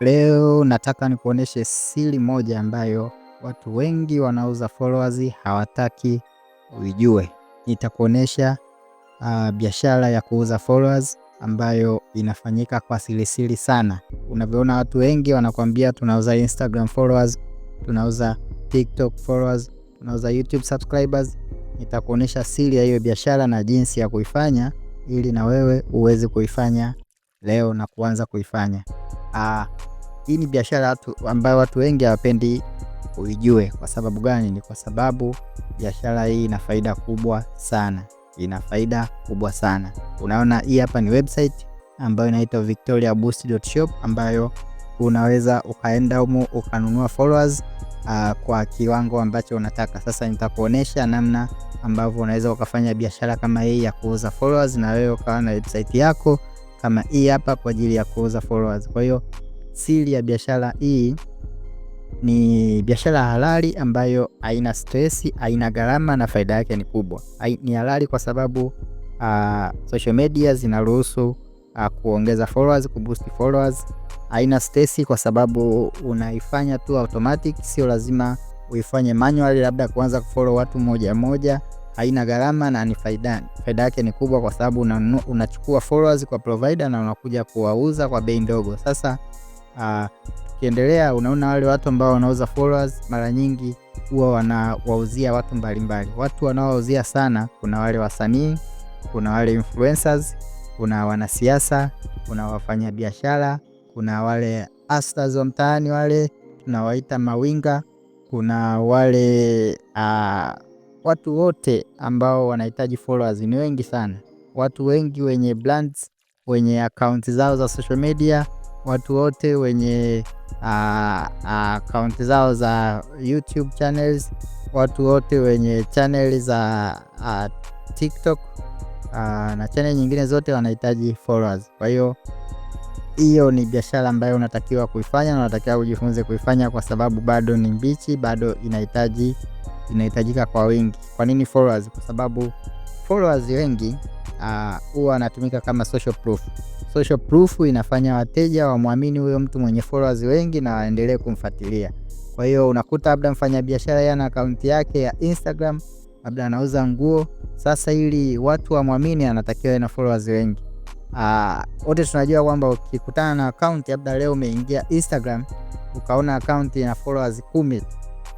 Leo nataka nikuoneshe siri moja ambayo watu wengi wanauza followers hawataki uijue. Nitakuonesha uh, biashara ya kuuza followers ambayo inafanyika kwa sirisiri sana. Unavyoona watu wengi wanakuambia tunauza Instagram followers, tunauza TikTok followers, tunauza YouTube subscribers. Nitakuonesha siri ya hiyo biashara na jinsi ya kuifanya ili na wewe uweze kuifanya leo na kuanza kuifanya. Uh, hii ni biashara ambayo watu wengi hawapendi uijue. Kwa sababu gani? Ni kwa sababu biashara hii ina faida kubwa sana, ina faida kubwa sana. Unaona, hii hapa ni website ambayo inaitwa victoriaboost.shop ambayo unaweza ukaenda humo ukanunua followers uh, kwa kiwango ambacho unataka. Sasa nitakuonesha namna ambavyo unaweza ukafanya biashara kama hii ya kuuza followers na wewe ukawa na website yako kama hii e hapa kwa ajili ya kuuza followers. Kwa hiyo siri ya biashara hii e ni biashara halali ambayo haina stress, haina gharama na faida yake ni kubwa. Ni halali kwa sababu uh, social media zinaruhusu uh, kuongeza followers, kuboost followers. Haina stress kwa sababu unaifanya tu automatic, sio lazima uifanye manually, labda kuanza kufollow watu moja moja haina gharama na ni faida, faida yake ni kubwa kwa sababu unachukua followers kwa provider na unakuja kuwauza kwa bei ndogo. Sasa ah, tukiendelea, unaona wale watu ambao wanauza followers mara nyingi huwa wanawauzia watu mbalimbali mbali. Watu wanaouzia sana kuna wale wasanii, kuna wale influencers, kuna wanasiasa, kuna wafanyabiashara, kuna wale astars wa mtaani wale tunawaita mawinga, kuna wale uh, watu wote ambao wanahitaji followers ni wengi sana, watu wengi wenye brands, wenye akaunti zao za social media, watu wote wenye akaunti ah, ah, zao za YouTube channels, watu wote wenye channel za a, ah, TikTok a, na channel nyingine zote wanahitaji followers. Kwa hiyo hiyo ni biashara ambayo unatakiwa kuifanya na unatakiwa ujifunze kuifanya, kwa sababu bado ni mbichi, bado inahitaji inahitajika kwa wingi. Kwa nini followers? Kwa sababu followers wengi ah, huwa uh, anatumika kama social proof. Social proof inafanya wateja wamwamini huyo mtu mwenye followers wengi na waendelee kumfuatilia. Kwa hiyo unakuta labda mfanyabiashara yeye ana akaunti yake ya Instagram, labda anauza nguo. Sasa ili watu wamwamini, anatakiwa na followers wengi. Ah, wote uh, tunajua kwamba ukikutana na akaunti labda leo umeingia Instagram ukaona akaunti ina followers kumi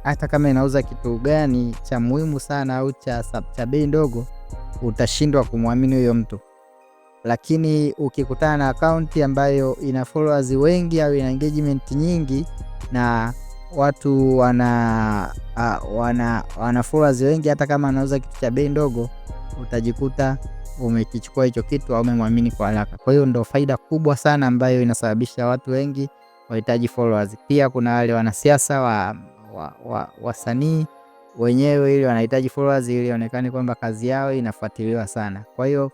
hata kama inauza kitu gani cha muhimu sana au cha, cha bei ndogo, utashindwa kumwamini huyo mtu. Lakini ukikutana na akaunti ambayo ina followers wengi au ina engagement nyingi na watu wana uh, wana, wana followers wengi, hata kama anauza kitu cha bei ndogo, utajikuta umekichukua hicho kitu au umemwamini kwa haraka. Kwa hiyo ndo faida kubwa sana ambayo inasababisha watu wengi wahitaji followers. Pia kuna wale wanasiasa wa wa, wa, wasanii wenyewe ili wanahitaji followers ili ionekane kwamba kazi yao inafuatiliwa sana. Kwa hiyo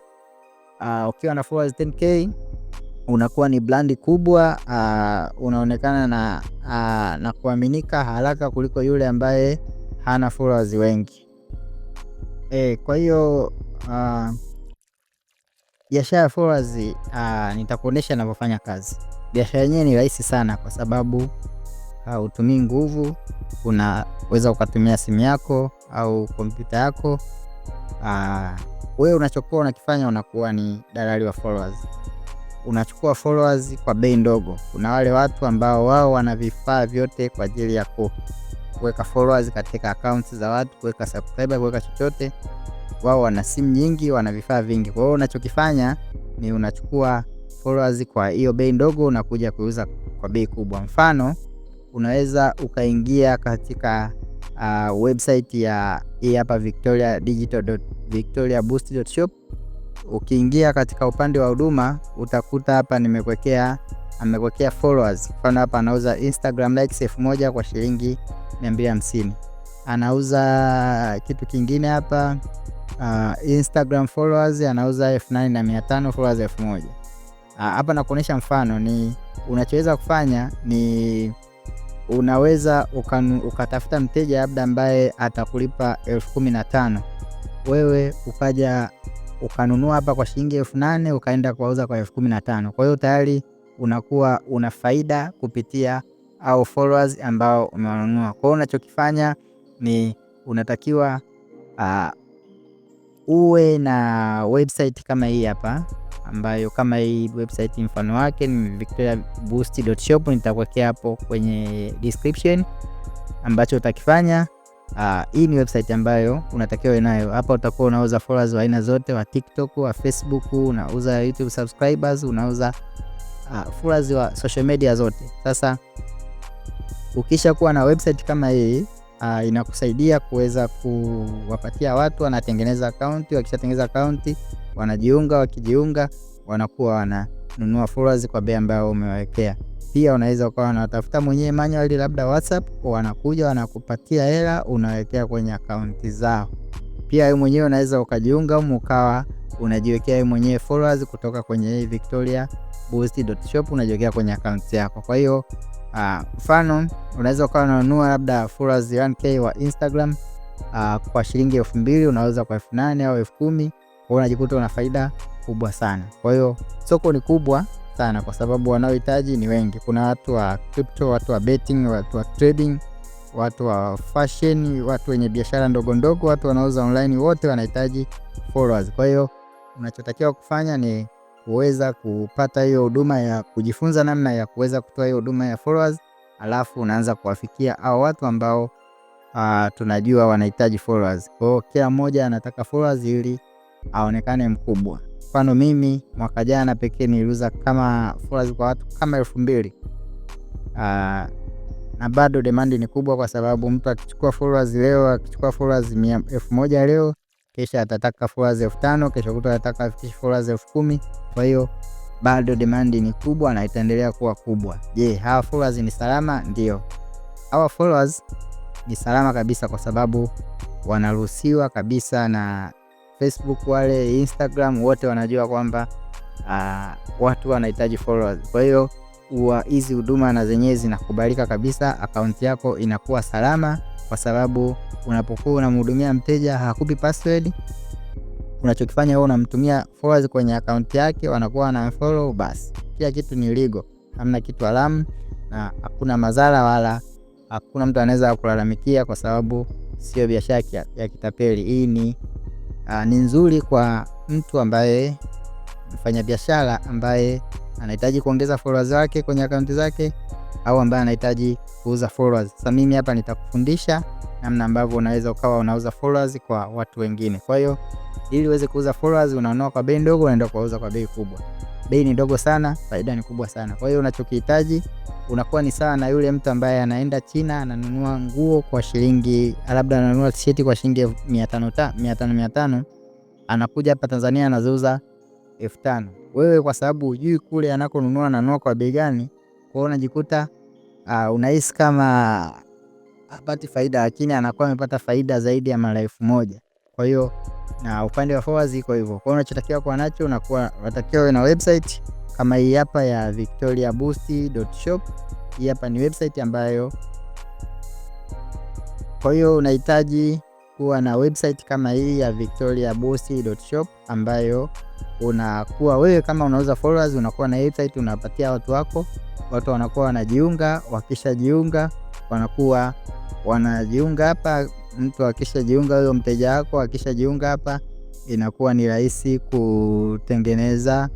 uh, ukiwa na followers 10k unakuwa ni brand kubwa uh, unaonekana na, uh, na kuaminika haraka kuliko yule ambaye hana followers wengi e, kwa hiyo biashara uh, ya followers uh, nitakuonesha inavyofanya kazi. Biashara yenyewe ni rahisi sana kwa sababu hautumii nguvu, unaweza ukatumia simu yako au kompyuta yako. Wewe unachokuwa unakifanya unakuwa ni dalali wa followers. Unachukua followers kwa bei ndogo. Kuna wale watu ambao wao wana vifaa vyote kwa ajili ya kuweka followers katika accounts za watu, kuweka subscriber, kuweka chochote. Wao wana simu nyingi, wana vifaa vingi. Kwa hiyo unachokifanya ni unachukua followers kwa hiyo bei ndogo unakuja kuuza kwa bei kubwa. Mfano unaweza ukaingia katika uh, website ya hii hapa Victoria Digital Victoria Boost shop. Ukiingia katika upande wa huduma utakuta hapa nimekwekea amekwekea followers. Mfano hapa anauza Instagram likes elfu moja kwa shilingi 250. Anauza kitu kingine hapa uh, Instagram followers anauza elfu nane na mia followers elfu moja ah, hapa uh, nakuonyesha mfano ni unachoweza kufanya ni unaweza ukanu, ukatafuta mteja labda ambaye atakulipa elfu kumi na tano wewe ukaja ukanunua hapa kwa shilingi elfu nane ukaenda kuwauza kwa elfu kumi na tano Kwa hiyo tayari unakuwa una faida kupitia au followers ambao umewanunua. Kwa hiyo unachokifanya ni unatakiwa uh, uwe na website kama hii hapa ambayo kama hii website mfano wake ni victoriaboost.shop. Nitakuwekea hapo kwenye description ambacho utakifanya. Uh, hii ni website ambayo unatakiwa nayo. Hapa utakuwa unauza followers wa aina zote, wa TikTok, wa Facebook, unauza YouTube subscribers, unauza uh, followers wa social media zote. Sasa ukisha kuwa na website kama hii uh, inakusaidia kuweza kuwapatia watu wanatengeneza akaunti. Wakishatengeneza akaunti wanajiunga, wakijiunga wanakuwa wananunua followers kwa bei ambayo umewawekea. Pia unaweza ukawa unatafuta mwenyewe manual, labda WhatsApp, wanakuja wanakupatia hela unawekea kwenye akaunti zao. Pia wewe mwenyewe unaweza ukajiunga au ukawa unajiwekea wewe mwenyewe followers kutoka kwenye hii Victoria Boost unajiwekea kwenye akaunti yako. Kwa hiyo ah, mfano uh, unaweza ukawa unanunua labda followers 1k wa Instagram uh, kwa shilingi elfu mbili unaweza kwa elfu nane au elfu kumi kwao unajikuta una faida kubwa sana. Kwa hiyo soko ni kubwa sana kwa sababu wanaohitaji ni wengi. Kuna watu wa crypto, watu wa betting, watu wa trading, watu wa fashion, watu wenye biashara ndogo ndogo, watu wanauza online, wote wanahitaji followers. Kwa hiyo unachotakiwa kufanya ni kuweza kupata hiyo huduma ya kujifunza namna ya kuweza kutoa hiyo huduma ya followers, alafu unaanza kuwafikia hao watu ambao uh, tunajua wanahitaji followers. Kwa hiyo kila mmoja anataka followers ili aonekane mkubwa. Mfano mimi mwaka jana pekee niliuza kama followers kwa watu kama elfu mbili uh, na bado demandi ni kubwa, kwa sababu mtu akichukua followers leo akichukua followers elfu moja leo, kisha atataka followers elfu tano kesho kuta atataka afikishe followers elfu kumi Kwa hiyo bado demandi ni kubwa na itaendelea kuwa kubwa. Je, hawa followers ni salama? Ndio, hawa followers ni salama kabisa, kwa sababu wanaruhusiwa kabisa na Facebook wale Instagram wote wanajua kwamba uh, watu wanahitaji followers. Kwa hiyo hizi huduma na zenyewe zinakubalika kabisa, akaunti yako inakuwa salama, kwa sababu unapokuwa unamhudumia mteja hakupi password. Unachokifanya wewe unamtumia followers kwenye akaunti yake, wanakuwa na follow, basi kila kitu ni ligo, hamna kitu haramu na hakuna madhara wala hakuna mtu anaweza kulalamikia, kwa sababu sio biashara ya kitapeli. Hii ni Ah, ni nzuri kwa mtu ambaye mfanyabiashara ambaye anahitaji kuongeza followers wake kwenye akaunti zake au ambaye anahitaji kuuza followers. Sasa mimi hapa nitakufundisha namna ambavyo unaweza ukawa unauza followers kwa watu wengine. Kwa hiyo ili uweze kuuza followers, unaondoa kwa bei ndogo, unaenda kuuza kwa bei kubwa. Bei ni ndogo sana, faida ni kubwa sana. Kwa hiyo unachokihitaji unakuwa ni sawa na yule mtu ambaye anaenda China ananunua nguo kwa shilingi labda ananunua t-shirt kwa shilingi 500 500, anakuja hapa Tanzania anaziuza 5000. Wewe kwa sababu hujui kule anakonunua ananunua kwa bei gani, kwa hiyo unajikuta uh, unahisi kama apati faida, lakini anakuwa amepata faida zaidi ya mara elfu moja. Kwa hiyo na upande wa forwards iko hivyo. Kwa hiyo unachotakiwa kuwa nacho unakuwa unatakiwa na website kama hii hapa ya victoriaboost.shop. Hii hapa ni website ambayo, kwa hiyo unahitaji kuwa na website kama hii ya victoriaboost.shop ambayo unakuwa wewe kama unauza followers, unakuwa na website, unapatia watu wako, watu wanakuwa wanajiunga. Wakishajiunga wanakuwa wanajiunga hapa mtu akishajiunga, huyo mteja wako akishajiunga hapa, inakuwa ni rahisi kutengeneza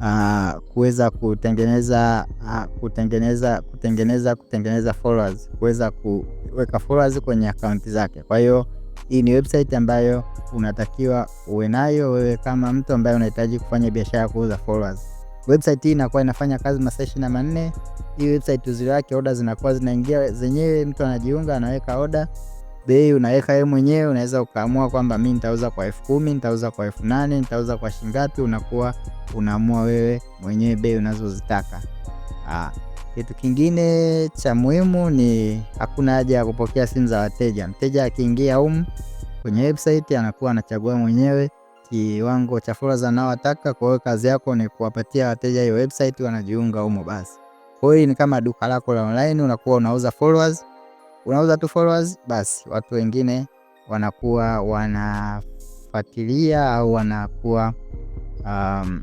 uh, kuweza kutengeneza uh, kutengeneza kutengeneza kutengeneza followers, kuweza kuweka followers kwenye akaunti zake. Kwa hiyo hii ni website ambayo unatakiwa uwe nayo wewe kama mtu ambaye unahitaji kufanya biashara ya kuuza followers. Website hii inakuwa inafanya kazi masaa ishirini na manne. Hii website uzuri wake, oda zinakuwa zinaingia zenyewe, mtu anajiunga, anaweka oda bei unaweka wewe mwenyewe. Unaweza ukaamua kwamba mimi nitauza kwa elfu kumi nitauza kwa elfu nane nitauza kwa shilingi unakuwa unaamua wewe mwenyewe bei unazozitaka. Ah, kitu kingine cha muhimu ni hakuna haja ya kupokea simu za wateja. Mteja akiingia humu kwenye website anakuwa anachagua mwenyewe kiwango cha followers anaowataka. Kwa hiyo kazi yako ni kuwapatia wateja hiyo website, wanajiunga humo basi. Kwa hiyo ni kama duka lako la online, unakuwa unauza followers unauza tu followers, basi watu wengine wanakuwa wanafuatilia au wanakuwa um,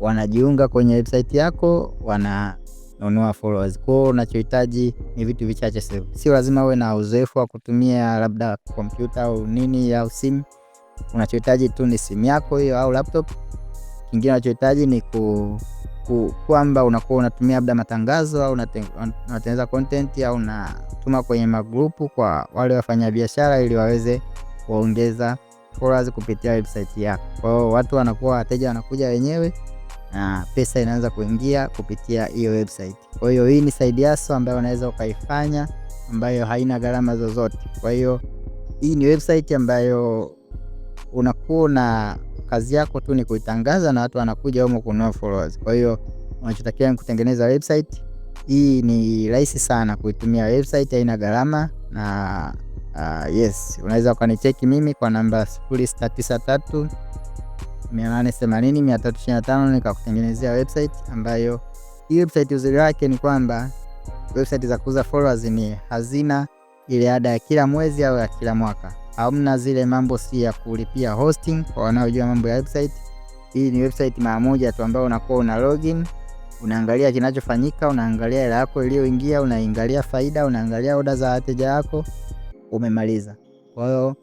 wanajiunga kwenye website yako wananunua followers. Kwa hiyo unachohitaji ni vitu vichache, sio lazima uwe na uzoefu wa kutumia labda kompyuta au nini au simu. Unachohitaji tu ni simu yako hiyo au laptop. Kingine unachohitaji ni ku kwamba unakuwa unatumia labda matangazo au unatengeneza content au unatuma kwenye magrupu kwa wale wafanyabiashara ili waweze kuongeza followers kupitia website yako. Kwa hiyo watu wanakuwa wateja wanakuja wenyewe na pesa inaanza kuingia kupitia hiyo website. Kwa hiyo hii ni side hustle ambayo unaweza ukaifanya ambayo haina gharama zozote. Kwa hiyo hii ni website ambayo unakuwa na kazi yako tu ni kuitangaza na watu wanakuja humo kununua followers. Kwa hiyo unachotakiwa ni kutengeneza website. Hii ni rahisi sana kuitumia website, haina gharama na uh, yes, unaweza ukanicheki mimi kwa namba 0693 880 325 nikakutengenezea website ambayo hii website uzuri wake ni kwamba website za kuuza followers ni hazina ile ada ya kila mwezi au ya kila mwaka hamna zile mambo si ya kulipia hosting. Kwa wanaojua mambo ya website, hii ni website mara moja tu ambayo unakuwa una login, unaangalia kinachofanyika, unaangalia hela yako iliyoingia, unaangalia faida, unaangalia oda za wateja wako, umemaliza. Kwa hiyo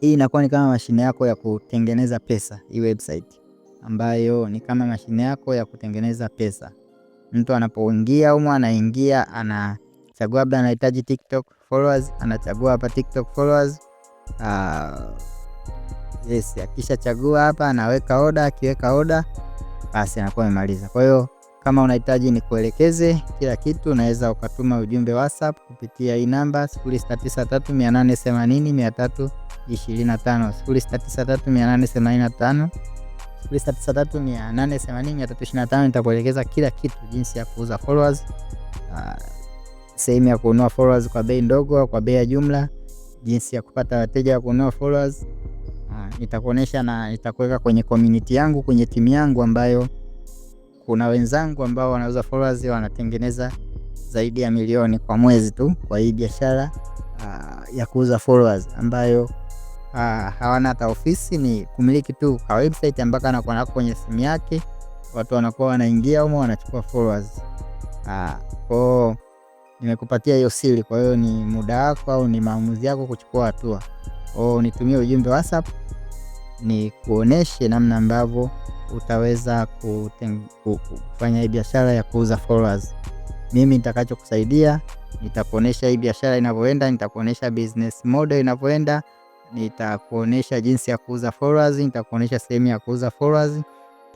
hii inakuwa ni kama mashine yako ya kutengeneza pesa, hii website ambayo ni kama mashine yako ya kutengeneza pesa. Mtu anapoingia humo, anaingia ana chagua labda anahitaji TikTok followers, anachagua hapa TikTok followers. Uh, yes, akishachagua hapa anaweka oda, akiweka oda basi anakuwa amemaliza. Kwa hiyo kama unahitaji nikuelekeze kila kitu, unaweza ukatuma ujumbe WhatsApp kupitia hii namba 0693880325 0693880325 nitakuelekeza kila kitu jinsi ya kuuza followers. Uh, sehemu ya kununua followers kwa bei ndogo au kwa bei ya jumla, jinsi ya kupata wateja wa kununua followers. Ah, nitakuonesha na nitakuweka kwenye community yangu, kwenye timu yangu ambayo kuna wenzangu ambao wanauza followers wanatengeneza zaidi ya milioni kwa mwezi tu kwa hii biashara uh, ya kuuza followers ambayo uh, hawana hata ofisi, ni kumiliki tu kwa website ambako anakuwa nako kwenye simu yake, watu wanakuwa wanaingia humo wanachukua followers uh, kwa nimekupatia hiyo siri. Kwa hiyo ni muda wako au ni maamuzi yako kuchukua hatua. nitumie ujumbe WhatsApp ni kuoneshe namna ambavyo utaweza kufanya hii biashara ya kuuza followers. Mimi nitakachokusaidia nitakuonesha hii biashara inavyoenda, nitakuonesha business model inavyoenda, nitakuonesha jinsi ya kuuza followers, nitakuonesha sehemu ya kuuza followers,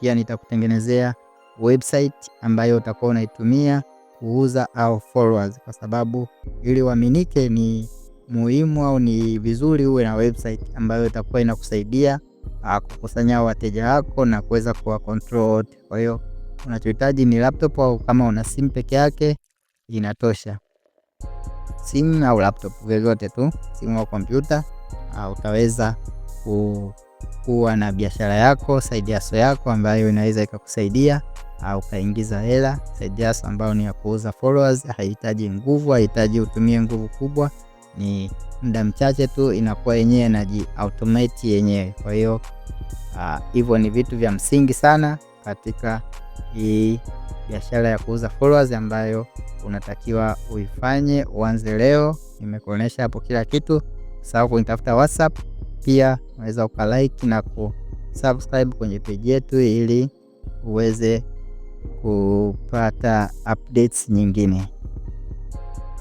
pia nitakutengenezea website ambayo utakuwa unaitumia kuuza au followers, kwa sababu ili uaminike ni muhimu au ni vizuri uwe na website ambayo itakuwa inakusaidia ah, kukusanya wateja wako na kuweza kuwa control wote. Kwa hiyo unachohitaji ni laptop au kama una simu peke yake inatosha, simu au laptop, vyovyote tu, simu au kompyuta, ah, utaweza kuwa na biashara yako side hustle yako ambayo inaweza ikakusaidia ukaingiza hela just ambayo ni ya kuuza followers. Haihitaji nguvu, haihitaji utumie nguvu kubwa, ni muda mchache tu inakuwa yenyewe inaji automate yenyewe. Kwa hiyo ah, hivyo ni vitu vya msingi sana katika hii biashara ya kuuza followers ambayo unatakiwa uifanye, uanze leo. Nimekuonesha hapo kila kitu, sawa kunitafuta WhatsApp. Pia unaweza ukalike na kusubscribe kwenye page yetu ili uweze kupata updates nyingine.